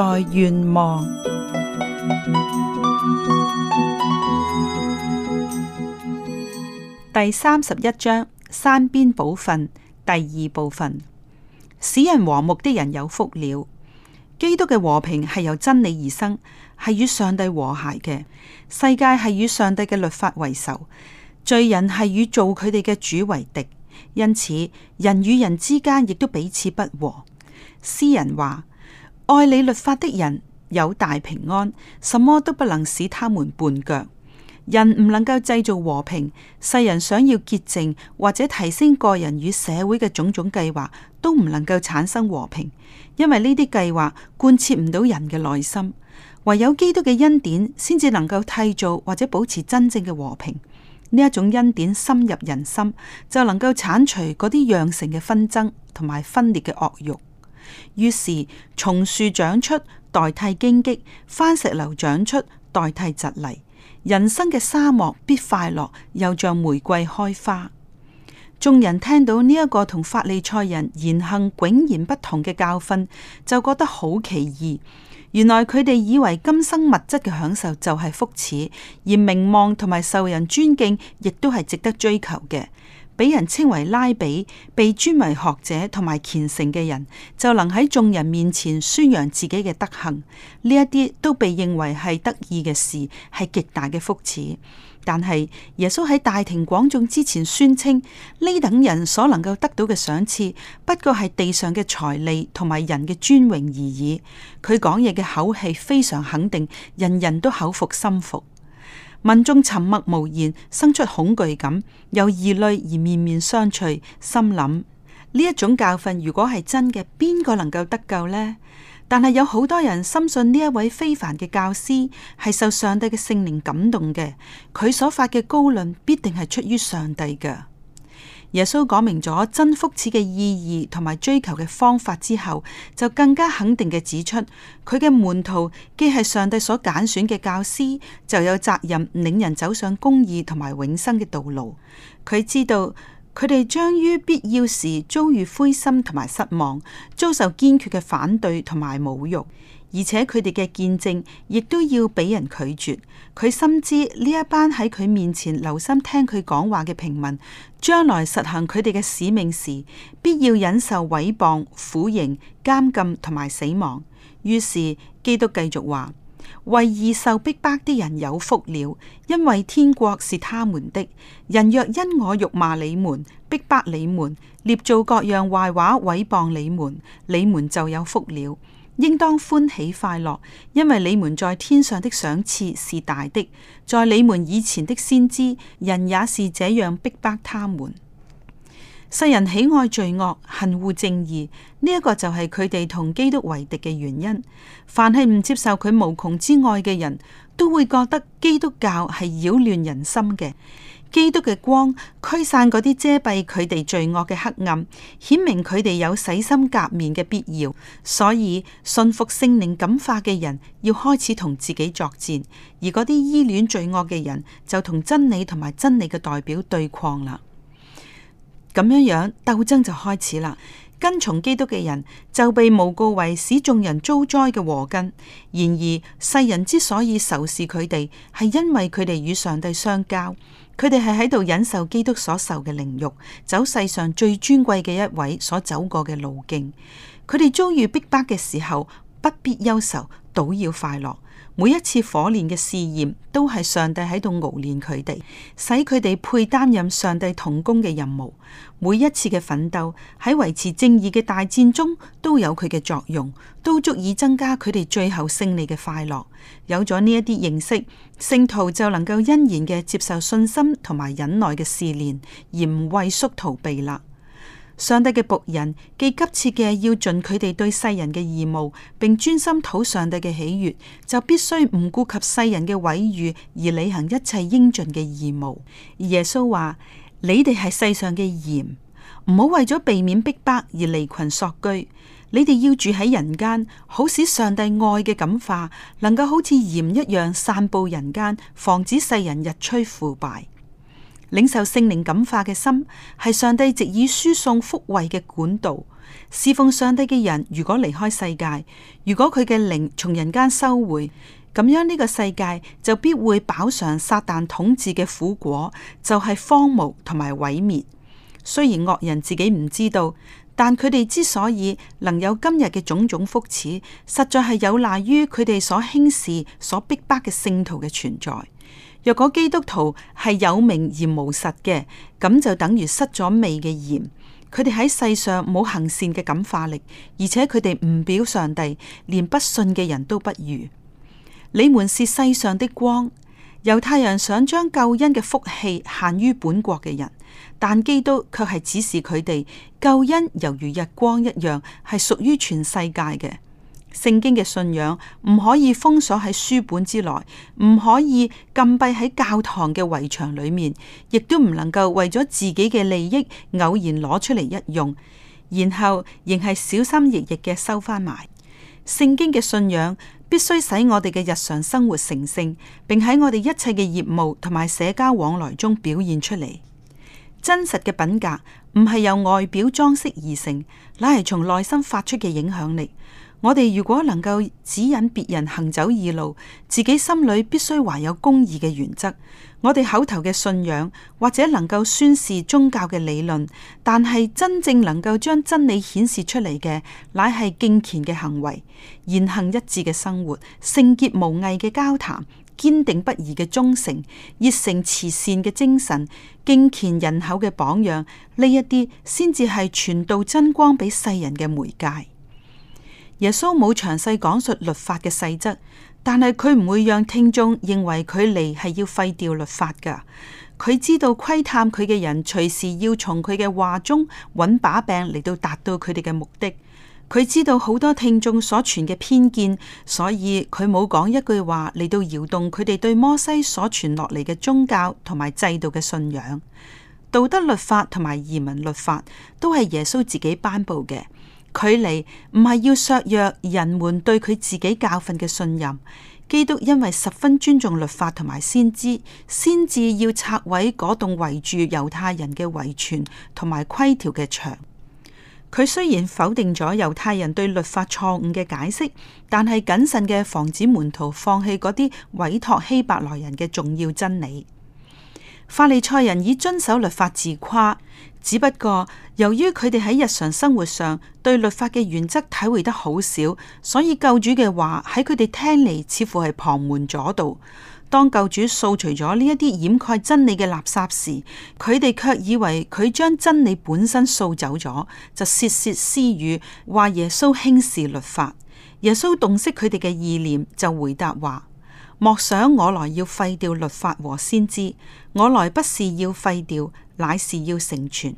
在願望第三十一章山邊寶訓第二部分，使人和睦的人有福了。基督嘅和平係由真理而生，係與上帝和諧嘅。世界係與上帝嘅律法為仇，罪人係與做佢哋嘅主為敵。因此，人與人之間亦都彼此不和。詩人話。愛你律法的人有大平安，什麼都不能使他們絆腳。人唔能夠製造和平，世人想要潔淨或者提升個人與社會嘅種種計劃，都唔能夠產生和平，因為呢啲計劃貫徹唔到人嘅內心。唯有基督嘅恩典先至能夠締造或者保持真正嘅和平。呢一種恩典深入人心，就能夠鏟除嗰啲釀成嘅紛爭同埋分裂嘅惡慾。於是，松樹長出代替荊棘，番石榴長出代替窒泥。人生嘅沙漠必快樂，又像玫瑰開花。眾人聽到呢一個同法利賽人言行迥然不同嘅教訓，就覺得好奇異。原來佢哋以為今生物質嘅享受就係福祉，而名望同埋受人尊敬，亦都係值得追求嘅。俾人稱為拉比，被尊為學者同埋虔誠嘅人，就能喺眾人面前宣揚自己嘅德行。呢一啲都被認為係得意嘅事，係極大嘅福祉。但係耶穌喺大庭廣眾之前宣稱，呢等人所能夠得到嘅賞賜，不過係地上嘅財利同埋人嘅尊榮而已。佢講嘢嘅口氣非常肯定，人人都口服心服。民眾沉默無言，生出恐懼感，有疑慮而面面相覷，心諗呢一種教訓如果係真嘅，邊個能夠得救呢？但係有好多人深信呢一位非凡嘅教師係受上帝嘅聖靈感動嘅，佢所發嘅高論必定係出於上帝嘅。耶穌講明咗真福祉嘅意義同埋追求嘅方法之後，就更加肯定嘅指出，佢嘅門徒既係上帝所揀選嘅教師，就有責任領人走上公義同埋永生嘅道路。佢知道，佢哋將於必要時遭遇灰心同埋失望，遭受堅決嘅反對同埋侮辱。而且佢哋嘅見證亦都要俾人拒絕。佢深知呢一班喺佢面前留心聽佢講話嘅平民，將來實行佢哋嘅使命時，必要忍受毀謗、苦刑、監禁同埋死亡。於是基督繼續話：為義受逼迫的人有福了，因為天國是他們的。人若因我辱罵你們、逼迫你們、捏造各樣壞話毀謗你們，你們就有福了。應當歡喜快樂，因為你們在天上的賞賜是大的。在你們以前的先知，人也是這樣逼迫他們。世人喜愛罪惡，恨惡正義，呢一個就係佢哋同基督為敵嘅原因。凡係唔接受佢無窮之愛嘅人，都會覺得基督教係擾亂人心嘅。基督嘅光驅散嗰啲遮蔽佢哋罪惡嘅黑暗，顯明佢哋有洗心革面嘅必要。所以，信服聖靈感化嘅人要開始同自己作戰，而嗰啲依戀罪惡嘅人就同真理同埋真理嘅代表對抗啦。咁樣樣鬥爭就開始啦。跟從基督嘅人就被誣告為使眾人遭災嘅禍根。然而，世人之所以仇視佢哋，係因為佢哋與上帝相交。佢哋係喺度忍受基督所受嘅凌辱，走世上最尊貴嘅一位所走過嘅路徑。佢哋遭遇逼迫嘅時候，不必憂愁。都要快樂。每一次火煉嘅試驗，都係上帝喺度熬煉佢哋，使佢哋配擔任上帝同工嘅任務。每一次嘅奮鬥喺維持正義嘅大戰中，都有佢嘅作用，都足以增加佢哋最後勝利嘅快樂。有咗呢一啲認識，聖徒就能夠欣然嘅接受信心同埋忍耐嘅試煉，而唔畏縮逃避啦。上帝嘅僕人既急切嘅要盡佢哋對世人嘅義務，並專心討上帝嘅喜悦，就必須唔顧及世人嘅毀譽而履行一切應盡嘅義務。而耶穌話：你哋係世上嘅鹽，唔好為咗避免逼迫而離群索居。你哋要住喺人間，好使上帝愛嘅感化能夠好似鹽一樣散布人間，防止世人日趨腐敗。領受聖靈感化嘅心，係上帝藉以輸送福惠嘅管道。侍奉上帝嘅人，如果離開世界，如果佢嘅靈從人間收回，咁樣呢個世界就必會飽嘗撒但統治嘅苦果，就係、是、荒蕪同埋毀滅。雖然惡人自己唔知道，但佢哋之所以能有今日嘅種種福祉，實在係有賴於佢哋所輕視、所逼迫嘅聖徒嘅存在。若果基督徒係有名而無實嘅，咁就等於失咗味嘅鹽。佢哋喺世上冇行善嘅感化力，而且佢哋唔表上帝，連不信嘅人都不如。你們是世上的光。猶太人想將救恩嘅福氣限於本國嘅人，但基督卻係指示佢哋，救恩猶如日光一樣，係屬於全世界嘅。聖經嘅信仰唔可以封鎖喺書本之內，唔可以禁閉喺教堂嘅圍牆裏面，亦都唔能夠為咗自己嘅利益偶然攞出嚟一用，然後仍係小心翼翼嘅收翻埋。聖經嘅信仰必須使我哋嘅日常生活成聖，並喺我哋一切嘅業務同埋社交往來中表現出嚟。真實嘅品格唔係由外表裝飾而成，乃係從內心發出嘅影響力。我哋如果能夠指引別人行走異路，自己心裏必須懷有公義嘅原則。我哋口頭嘅信仰或者能夠宣示宗教嘅理論，但係真正能夠將真理顯示出嚟嘅，乃係敬虔嘅行為、言行一致嘅生活、聖潔無偽嘅交談、堅定不移嘅忠誠、熱誠慈善嘅精神、敬虔人口嘅榜樣，呢一啲先至係傳道真光俾世人嘅媒介。耶穌冇詳細講述律法嘅細則，但係佢唔會讓聽眾認為佢嚟係要廢掉律法㗎。佢知道窺探佢嘅人隨時要從佢嘅話中揾把柄嚟到達到佢哋嘅目的。佢知道好多聽眾所傳嘅偏見，所以佢冇講一句話嚟到搖動佢哋對摩西所傳落嚟嘅宗教同埋制度嘅信仰。道德律法同埋儀文律法都係耶穌自己頒布嘅。佢嚟唔係要削弱人們對佢自己教訓嘅信任。基督因為十分尊重律法同埋先知，先至要拆毀嗰棟圍住猶太人嘅遺傳同埋規條嘅牆。佢雖然否定咗猶太人對律法錯誤嘅解釋，但係謹慎嘅防止門徒放棄嗰啲委託希伯來人嘅重要真理。法利賽人以遵守律法自誇。只不過由於佢哋喺日常生活上對律法嘅原則體會得好少，所以救主嘅話喺佢哋聽嚟似乎係旁門左道。當救主掃除咗呢一啲掩蓋真理嘅垃圾時，佢哋卻以為佢將真理本身掃走咗，就竊竊私語話耶穌輕視律法。耶穌洞悉佢哋嘅意念，就回答話：莫想我來要廢掉律法和先知，我來不是要廢掉。乃是要成全。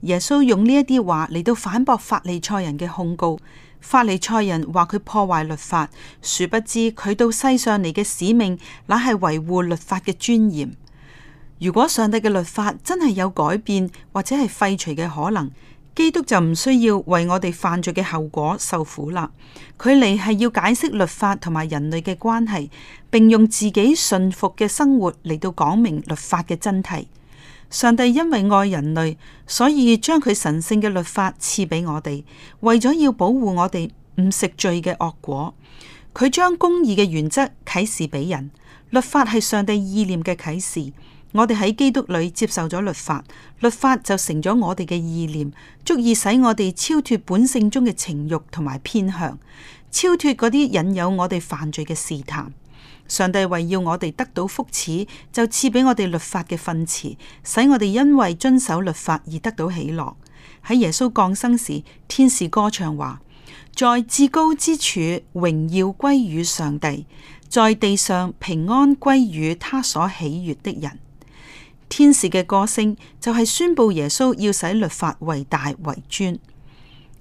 耶穌用呢一啲話嚟到反駁法利賽人嘅控告。法利賽人話佢破壞律法，殊不知佢到世上嚟嘅使命，乃係維護律法嘅尊嚴。如果上帝嘅律法真係有改變或者係廢除嘅可能，基督就唔需要為我哋犯罪嘅後果受苦啦。佢嚟係要解釋律法同埋人類嘅關係，並用自己信服嘅生活嚟到講明律法嘅真諦。上帝因為愛人類，所以將佢神聖嘅律法賜俾我哋，為咗要保護我哋唔食罪嘅惡果。佢將公義嘅原則啟示俾人，律法係上帝意念嘅啟示。我哋喺基督裏接受咗律法，律法就成咗我哋嘅意念，足以使我哋超脫本性中嘅情欲同埋偏向，超脫嗰啲引誘我哋犯罪嘅試探。上帝為要我哋得到福祉，就賜畀我哋律法嘅訓詞，使我哋因為遵守律法而得到喜樂。喺耶穌降生時，天使歌唱話：在至高之處榮耀歸於上帝，在地上平安歸於他所喜悦的人。天使嘅歌聲就係宣布耶穌要使律法為大為尊。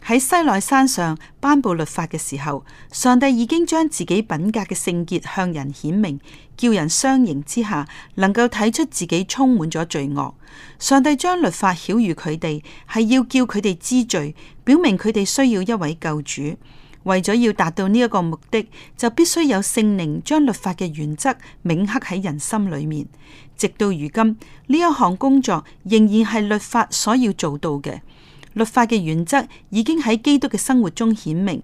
喺西奈山上頒布律法嘅時候，上帝已經將自己品格嘅聖潔向人顯明，叫人相形之下能夠睇出自己充滿咗罪惡。上帝將律法曉諭佢哋，係要叫佢哋知罪，表明佢哋需要一位救主。為咗要達到呢一個目的，就必須有聖靈將律法嘅原則銘刻喺人心裏面。直到如今，呢一項工作仍然係律法所要做到嘅。律法嘅原則已經喺基督嘅生活中顯明。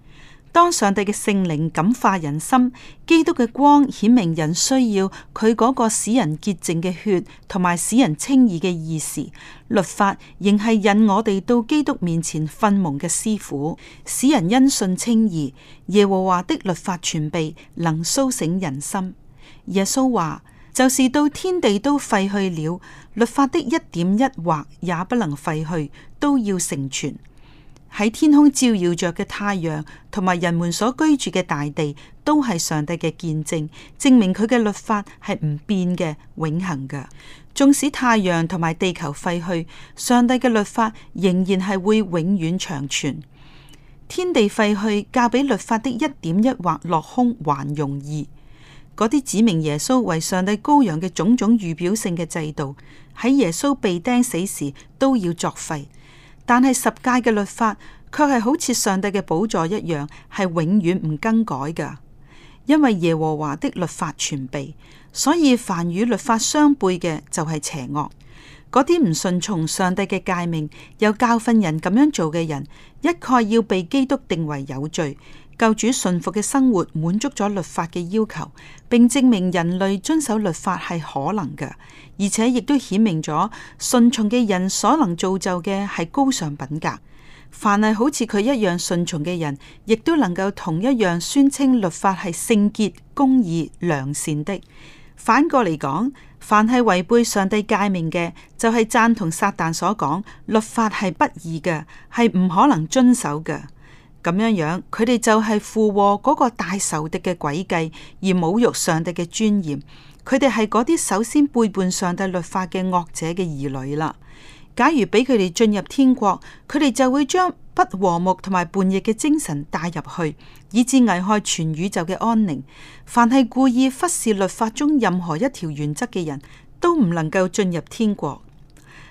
當上帝嘅聖靈感化人心，基督嘅光顯明人需要佢嗰個使人潔淨嘅血，同埋使人稱義嘅義時，律法仍係引我哋到基督面前，訓蒙嘅師傅，使人因信稱義。耶和華的律法傳備，能蘇醒人心。耶穌話。就是到天地都廢去了，律法的一點一劃也不能廢去，都要成全。喺天空照耀着嘅太陽同埋人們所居住嘅大地，都係上帝嘅見證，證明佢嘅律法係唔變嘅、永恆嘅。縱使太陽同埋地球廢去，上帝嘅律法仍然係會永遠長存。天地廢去，較比律法的一點一劃落空還容易。嗰啲指明耶穌為上帝羔羊嘅種種預表性嘅制度，喺耶穌被釘死時都要作廢。但係十誡嘅律法却係好似上帝嘅寶座一樣，係永遠唔更改噶。因為耶和華的律法全備，所以凡與律法相背嘅就係邪惡。嗰啲唔順從上帝嘅誡命，又教訓人咁樣做嘅人，一概要被基督定為有罪。救主順服嘅生活滿足咗律法嘅要求，並證明人類遵守律法係可能嘅，而且亦都顯明咗順從嘅人所能造就嘅係高尚品格。凡係好似佢一樣順從嘅人，亦都能夠同一樣宣稱律法係聖潔、公義、良善的。反過嚟講，凡係違背上帝誡命嘅，就係贊同撒旦所講，律法係不義嘅，係唔可能遵守嘅。咁樣樣，佢哋就係附和嗰個大仇敵嘅詭計，而侮辱上帝嘅尊嚴。佢哋係嗰啲首先背叛上帝律法嘅惡者嘅兒女啦。假如畀佢哋進入天國，佢哋就會將不和睦同埋叛逆嘅精神帶入去，以致危害全宇宙嘅安寧。凡係故意忽視律法中任何一條原則嘅人，都唔能夠進入天國。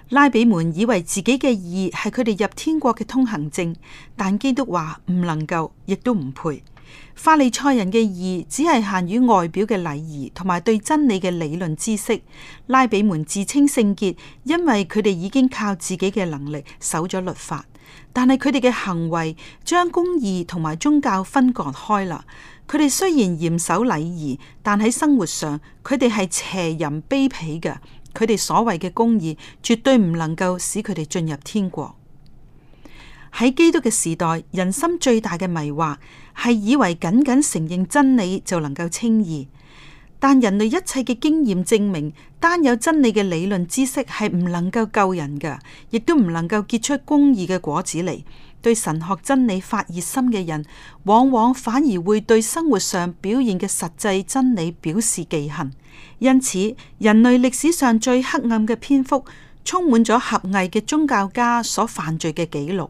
拉比們以為自己嘅義係佢哋入天國嘅通行證，但基督話唔能夠，亦都唔配。法利賽人嘅義只係限於外表嘅禮儀，同埋對真理嘅理論知識。拉比們自稱聖潔，因為佢哋已經靠自己嘅能力守咗律法，但係佢哋嘅行為將公義同埋宗教分割開啦。佢哋雖然嚴守禮儀，但喺生活上佢哋係邪淫卑鄙嘅。佢哋所謂嘅公義，絕對唔能夠使佢哋進入天國。喺基督嘅時代，人心最大嘅迷惑係以為僅僅承認真理就能夠稱義，但人類一切嘅經驗證明，單有真理嘅理論知識係唔能夠救人噶，亦都唔能夠結出公義嘅果子嚟。對神學真理發熱心嘅人，往往反而會對生活上表現嘅實際真理表示忌恨。因此，人類歷史上最黑暗嘅篇幅，充滿咗狹隘嘅宗教家所犯罪嘅紀錄。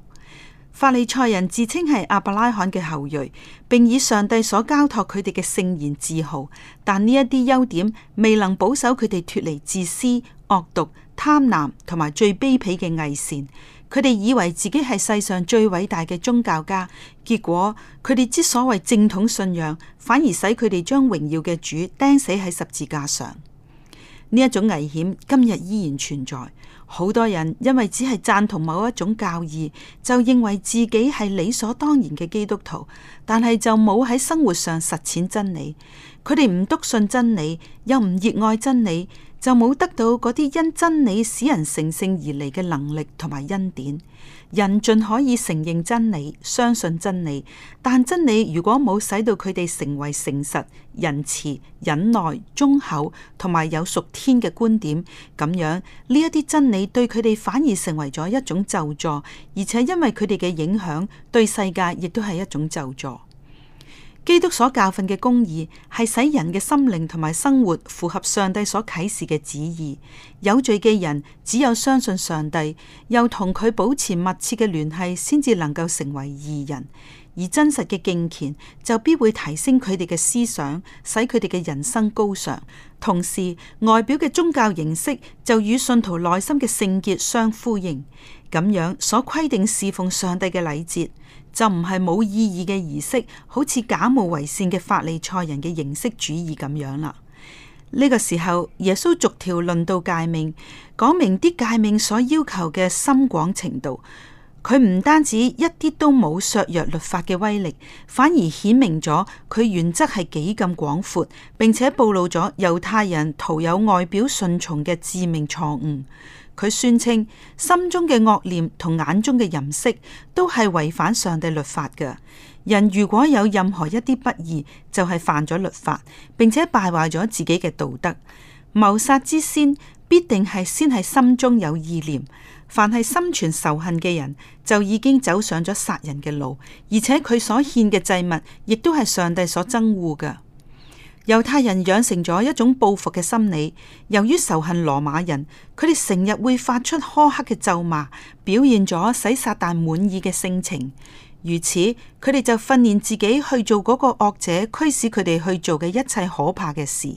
法利賽人自稱係亞伯拉罕嘅後裔，並以上帝所交託佢哋嘅聖言自豪，但呢一啲優點未能保守佢哋脫離自私、惡毒、貪婪同埋最卑鄙嘅偽善。佢哋以為自己係世上最偉大嘅宗教家，結果佢哋之所謂正統信仰，反而使佢哋將榮耀嘅主釘死喺十字架上。呢一種危險今日依然存在。好多人因為只係贊同某一種教義，就認為自己係理所當然嘅基督徒，但係就冇喺生活上實踐真理。佢哋唔篤信真理，又唔熱愛真理。就冇得到嗰啲因真理使人成聖而嚟嘅能力同埋恩典。人盡可以承認真理、相信真理，但真理如果冇使到佢哋成為誠實、仁慈、忍耐、忠厚，同埋有屬天嘅觀點，咁樣呢一啲真理對佢哋反而成為咗一種咒詛，而且因為佢哋嘅影響對世界亦都係一種咒詛。基督所教訓嘅公義係使人嘅心靈同埋生活符合上帝所啟示嘅旨意。有罪嘅人只有相信上帝，又同佢保持密切嘅聯繫，先至能夠成為義人。而真實嘅敬虔就必會提升佢哋嘅思想，使佢哋嘅人生高尚。同時，外表嘅宗教形式就與信徒內心嘅聖潔相呼應。咁樣所規定侍奉上帝嘅禮節。就唔係冇意義嘅儀式，好似假冒為善嘅法利賽人嘅形式主義咁樣啦。呢、這個時候，耶穌逐條論到誡命，講明啲誡命所要求嘅深廣程度。佢唔單止一啲都冇削弱律法嘅威力，反而顯明咗佢原則係幾咁廣闊，並且暴露咗猶太人徒有外表順從嘅致命錯誤。佢宣稱心中嘅惡念同眼中嘅淫色都係違反上帝律法嘅。人如果有任何一啲不義，就係犯咗律法，並且敗壞咗自己嘅道德。謀殺之先必定係先係心中有意念，凡係心存仇恨嘅人就已經走上咗殺人嘅路，而且佢所獻嘅祭物亦都係上帝所憎惡嘅。猶太人養成咗一種報復嘅心理，由於仇恨羅馬人，佢哋成日會發出苛刻嘅咒罵，表現咗使撒旦滿意嘅性情。如此，佢哋就訓練自己去做嗰個惡者驅使佢哋去做嘅一切可怕嘅事。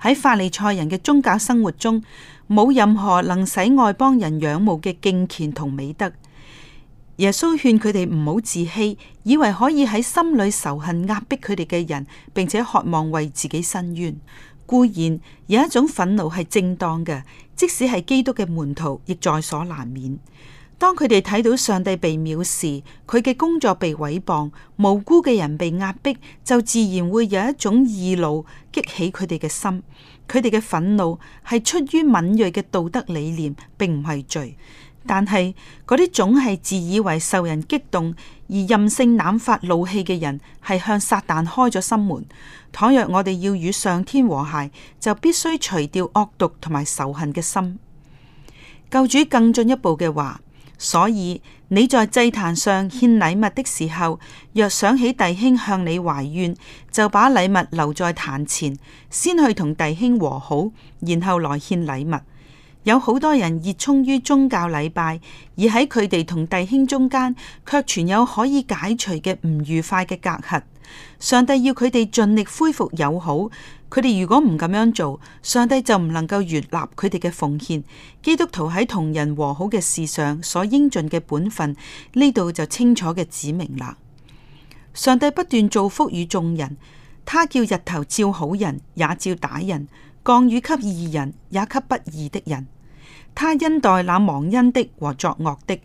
喺法利賽人嘅宗教生活中，冇任何能使外邦人仰慕嘅敬虔同美德。耶穌勸佢哋唔好自欺，以為可以喺心裏仇恨壓迫佢哋嘅人，並且渴望為自己申冤。固然，有一種憤怒係正當嘅，即使係基督嘅門徒，亦在所難免。當佢哋睇到上帝被藐視，佢嘅工作被毀謗，無辜嘅人被壓迫，就自然會有一種義怒激起佢哋嘅心。佢哋嘅憤怒係出於敏銳嘅道德理念，並唔係罪。但係嗰啲總係自以為受人激動而任性濫發怒氣嘅人，係向撒旦開咗心門。倘若我哋要與上天和諧，就必須除掉惡毒同埋仇恨嘅心。救主更進一步嘅話，所以你在祭壇上獻禮物的時候，若想起弟兄向你懷怨，就把禮物留在壇前，先去同弟兄和好，然後來獻禮物。有好多人熱衷於宗教禮拜，而喺佢哋同弟兄中間，卻存有可以解除嘅唔愉快嘅隔閡。上帝要佢哋盡力恢復友好，佢哋如果唔咁樣做，上帝就唔能夠悅納佢哋嘅奉獻。基督徒喺同人和好嘅事上所應盡嘅本分，呢度就清楚嘅指明啦。上帝不斷造福於眾人，他叫日頭照好人，也照打人。降雨給義人，也給不義的人。他恩待那忘恩的和作惡的。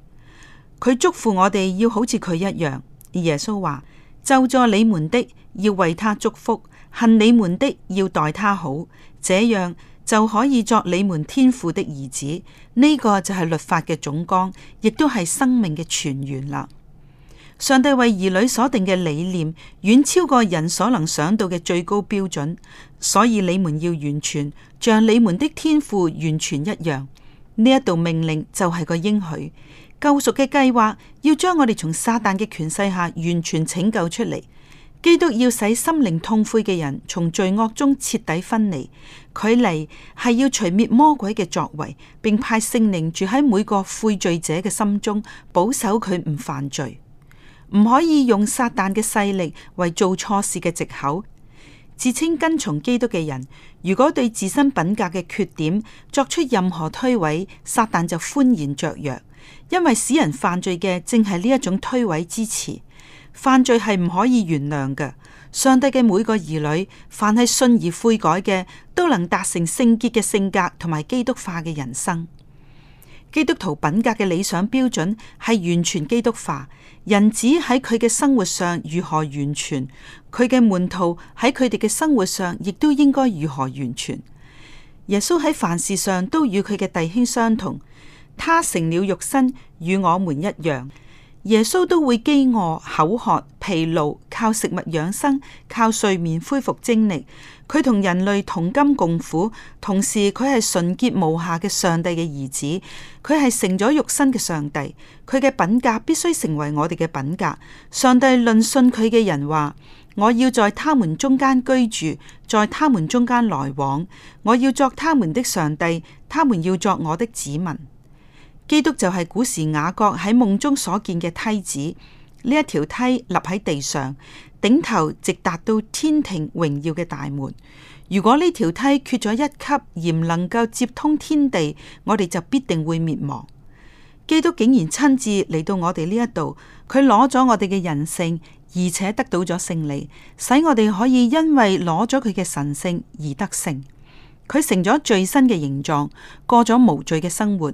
佢祝福我哋要好似佢一樣。耶穌話：咒詛你們的，要為他祝福；恨你們的，要待他好。這樣就可以作你們天父的兒子。呢、這個就係律法嘅總綱，亦都係生命嘅全緣啦。上帝為兒女所定嘅理念，遠超過人所能想到嘅最高標準。所以你們要完全像你們的天父完全一樣。呢一道命令就係個應許，救贖嘅計劃要將我哋從撒旦嘅權勢下完全拯救出嚟。基督要使心靈痛悔嘅人從罪惡中徹底分離。佢嚟係要除滅魔鬼嘅作為，並派聖靈住喺每個悔罪者嘅心中，保守佢唔犯罪。唔可以用撒旦嘅勢力為做錯事嘅藉口。自稱跟從基督嘅人，如果對自身品格嘅缺點作出任何推諉，撒旦就歡然雀躍，因為使人犯罪嘅正係呢一種推諉之詞，犯罪係唔可以原諒嘅。上帝嘅每個兒女，凡係信而悔改嘅，都能達成聖潔嘅性格同埋基督化嘅人生。基督徒品格嘅理想標準係完全基督化。人子喺佢嘅生活上如何完全，佢嘅門徒喺佢哋嘅生活上亦都應該如何完全。耶穌喺凡事上都與佢嘅弟兄相同，他成了肉身，與我們一樣。耶穌都會飢餓、口渴、疲勞，靠食物養生，靠睡眠恢復精力。佢同人類同甘共苦，同時佢係純潔無瑕嘅上帝嘅兒子，佢係成咗肉身嘅上帝，佢嘅品格必須成為我哋嘅品格。上帝論信佢嘅人話：我要在他們中間居住，在他們中間來往，我要作他們的上帝，他們要作我的子民。基督就係古時雅各喺夢中所見嘅梯子，呢一條梯立喺地上。頂頭直達到天庭榮耀嘅大門。如果呢條梯缺咗一級，而唔能夠接通天地，我哋就必定會滅亡。基督竟然親自嚟到我哋呢一度，佢攞咗我哋嘅人性，而且得到咗勝利，使我哋可以因為攞咗佢嘅神性而得勝。佢成咗最新嘅形狀，過咗無罪嘅生活。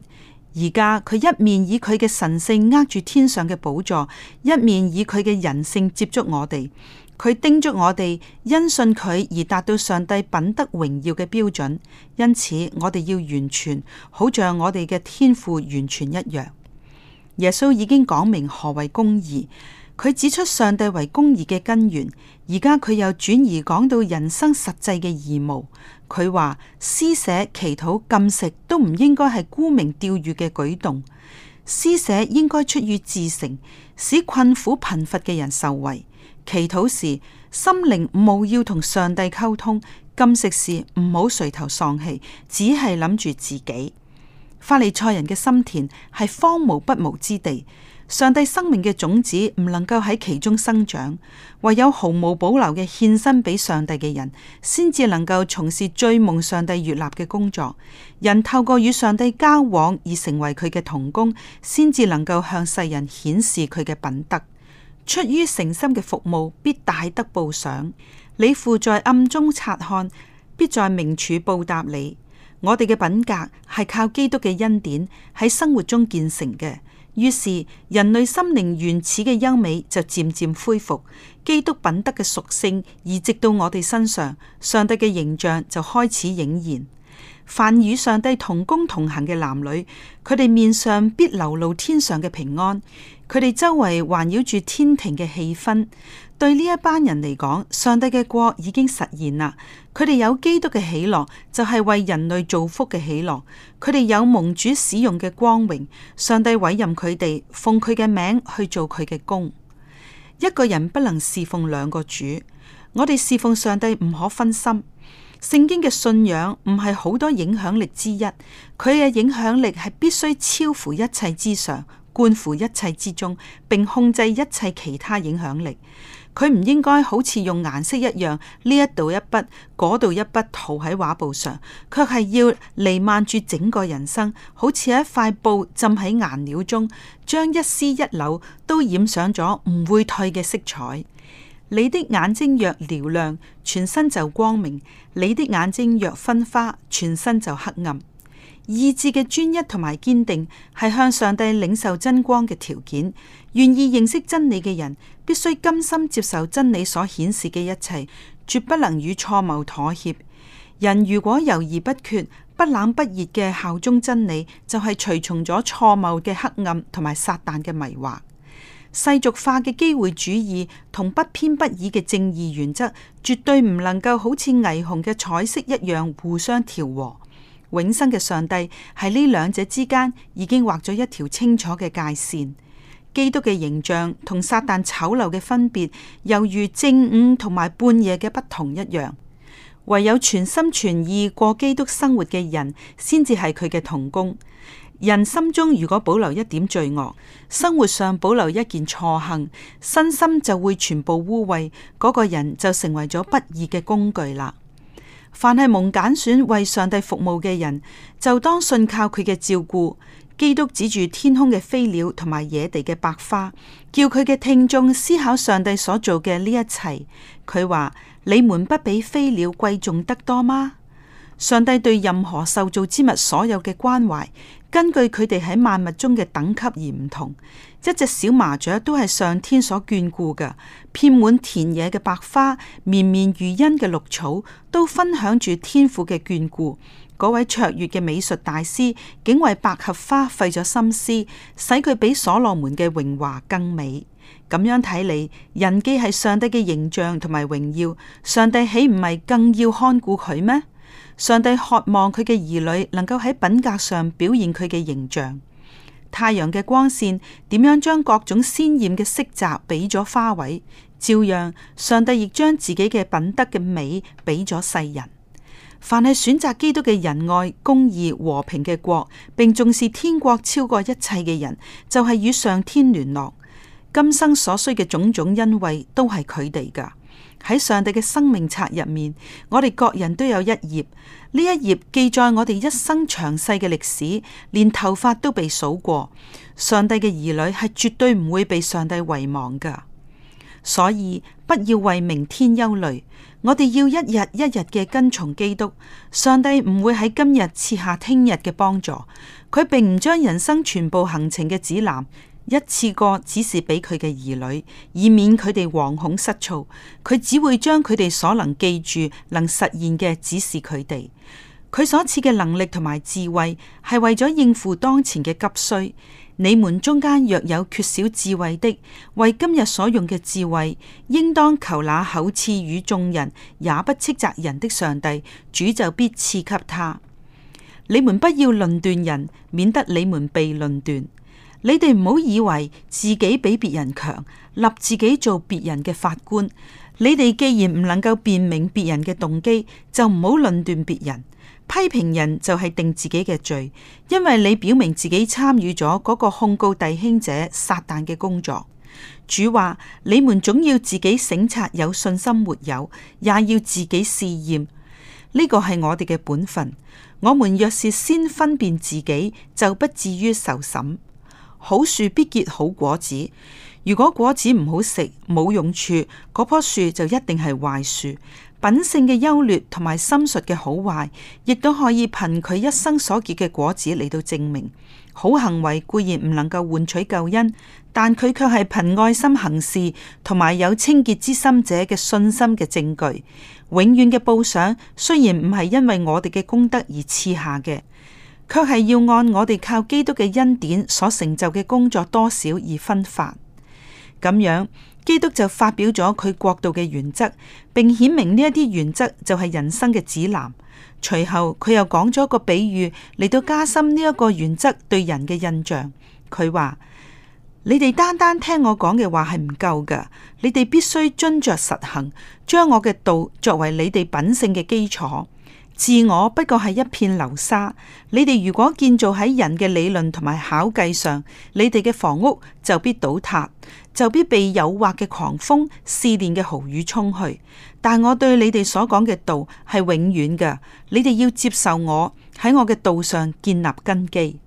而家佢一面以佢嘅神性握住天上嘅寶座，一面以佢嘅人性接觸我哋。佢叮囑我哋，因信佢而達到上帝品德榮耀嘅標準。因此，我哋要完全，好像我哋嘅天父完全一樣。耶穌已經講明何為公義。佢指出上帝為公義嘅根源，而家佢又轉移講到人生實際嘅義務。佢話施捨、祈禱、禁食都唔應該係沽名釣譽嘅舉動。施捨應該出於至誠，使困苦貧乏嘅人受惠。祈禱時心靈冇要同上帝溝通，禁食時唔好垂頭喪氣，只係諗住自己。法利賽人嘅心田係荒蕪不毛之地。上帝生命嘅種子唔能夠喺其中生長，唯有毫無保留嘅獻身俾上帝嘅人，先至能夠從事追夢上帝悅納嘅工作。人透過與上帝交往而成為佢嘅同工，先至能夠向世人顯示佢嘅品德。出於誠心嘅服務，必大得報賞。你父在暗中察看，必在明處報答你。我哋嘅品格係靠基督嘅恩典喺生活中建成嘅。於是人類心靈原始嘅優美就漸漸恢復，基督品德嘅屬性移植到我哋身上，上帝嘅形象就開始顯現。凡與上帝同工同行嘅男女，佢哋面上必流露天上嘅平安，佢哋周圍環繞住天庭嘅氣氛，對呢一班人嚟講，上帝嘅國已經實現啦。佢哋有基督嘅喜樂，就係、是、為人類造福嘅喜樂；佢哋有蒙主使用嘅光榮，上帝委任佢哋奉佢嘅名去做佢嘅工。一個人不能侍奉兩個主，我哋侍奉上帝唔可分心。聖經嘅信仰唔係好多影響力之一，佢嘅影響力係必須超乎一切之上，貫乎一切之中，並控制一切其他影響力。佢唔應該好似用顏色一樣，呢一度一筆，嗰度一,一筆塗喺畫布上，卻係要彌漫住整個人生，好似一塊布浸喺顏料中，將一絲一縷都染上咗唔會退嘅色彩。你的眼睛若瞭亮，全身就光明；你的眼睛若昏花，全身就黑暗。意志嘅專一同埋堅定，係向上帝領受真光嘅條件。願意認識真理嘅人，必須甘心接受真理所顯示嘅一切，絕不能與錯謬妥協。人如果猶豫不決，不冷不熱嘅效忠真理，就係隨從咗錯謬嘅黑暗同埋撒旦嘅迷惑。世俗化嘅機會主義同不偏不倚嘅正義原則，絕對唔能夠好似霓虹嘅彩色一樣互相調和。永生嘅上帝喺呢兩者之間已經劃咗一條清楚嘅界線。基督嘅形象同撒旦醜陋嘅分別，猶如正午同埋半夜嘅不同一樣。唯有全心全意過基督生活嘅人，先至係佢嘅同工。人心中如果保留一點罪惡，生活上保留一件錯行，身心就會全部污穢。嗰個人就成為咗不義嘅工具啦。凡係蒙揀選為上帝服務嘅人，就當信靠佢嘅照顧。基督指住天空嘅飛鳥同埋野地嘅白花，叫佢嘅聽眾思考上帝所做嘅呢一切。佢話：你們不比飛鳥貴重得多嗎？上帝對任何受造之物所有嘅關懷，根據佢哋喺萬物中嘅等級而唔同。一隻小麻雀都係上天所眷顧嘅，遍滿田野嘅白花，綿綿如茵嘅綠草，都分享住天父嘅眷顧。嗰位卓越嘅美術大師，竟為百合花費咗心思，使佢比所羅門嘅榮華更美。咁樣睇嚟，人既係上帝嘅形象同埋榮耀，上帝豈唔係更要看顧佢咩？上帝渴望佢嘅兒女能夠喺品格上表現佢嘅形象。太陽嘅光線點樣將各種鮮艷嘅色澤俾咗花卉，照樣，上帝亦將自己嘅品德嘅美俾咗世人。凡係選擇基督嘅仁愛、公義、和平嘅國，並重視天國超過一切嘅人，就係、是、與上天聯絡。今生所需嘅種種恩惠都係佢哋㗎。喺上帝嘅生命冊入面，我哋各人都有一頁，呢一頁記載我哋一生詳細嘅歷史，連頭髮都被數過。上帝嘅兒女係絕對唔會被上帝遺忘㗎。所以，不要為明天憂慮。我哋要一日一日嘅跟從基督。上帝唔會喺今日賜下聽日嘅幫助。佢並唔將人生全部行程嘅指南一次過指示俾佢嘅兒女，以免佢哋惶恐失措。佢只會將佢哋所能記住、能實現嘅指示佢哋。佢所賜嘅能力同埋智慧，係為咗應付當前嘅急需。你們中間若有缺少智慧的，為今日所用嘅智慧，應當求那厚賜與眾人，也不斥責人的上帝，主就必賜給他。你們不要論斷人，免得你們被論斷。你哋唔好以為自己比別人強，立自己做別人嘅法官。你哋既然唔能夠辨明別人嘅動機，就唔好論斷別人。批評人就係定自己嘅罪，因為你表明自己參與咗嗰個控告弟兄者撒旦嘅工作。主話：你們總要自己省察有，有信心沒有，也要自己試驗。呢、這個係我哋嘅本分。我們若是先分辨自己，就不至於受審。好樹必結好果子，如果果子唔好食、冇用處，嗰棵樹就一定係壞樹。品性嘅優劣同埋心術嘅好壞，亦都可以憑佢一生所結嘅果子嚟到證明。好行為固然唔能夠換取救恩，但佢卻係憑愛心行事同埋有清潔之心者嘅信心嘅證據。永遠嘅報賞雖然唔係因為我哋嘅功德而賜下嘅，卻係要按我哋靠基督嘅恩典所成就嘅工作多少而分發。咁樣。基督就發表咗佢國度嘅原則，並顯明呢一啲原則就係人生嘅指南。隨後佢又講咗一個比喻嚟到加深呢一個原則對人嘅印象。佢話：你哋單單聽我講嘅話係唔夠㗎，你哋必須遵着實行，將我嘅道作為你哋品性嘅基礎。自我不過係一片流沙，你哋如果建造喺人嘅理論同埋巧計上，你哋嘅房屋就必倒塌。就必被誘惑嘅狂風、試煉嘅豪雨沖去，但我對你哋所講嘅道係永遠嘅，你哋要接受我喺我嘅道上建立根基。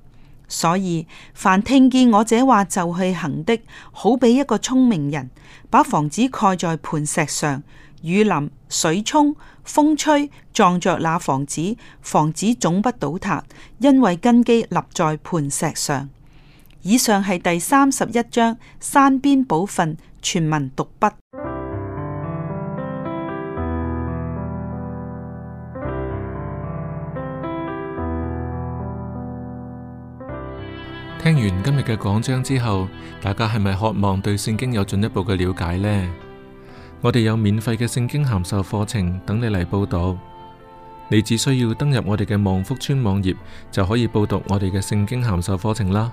所以，凡聽見我這話就去行的，好比一個聰明人把房子蓋在磐石上，雨淋、水沖、風吹，撞着那房子，房子總不倒塌，因為根基立在磐石上。以上係第三十一章山邊寶訓全文讀筆。聽完今日嘅講章之後，大家係咪渴望對聖經有進一步嘅了解呢？我哋有免費嘅聖經函授課程等你嚟報讀，你只需要登入我哋嘅望福村網頁就可以報讀我哋嘅聖經函授課程啦。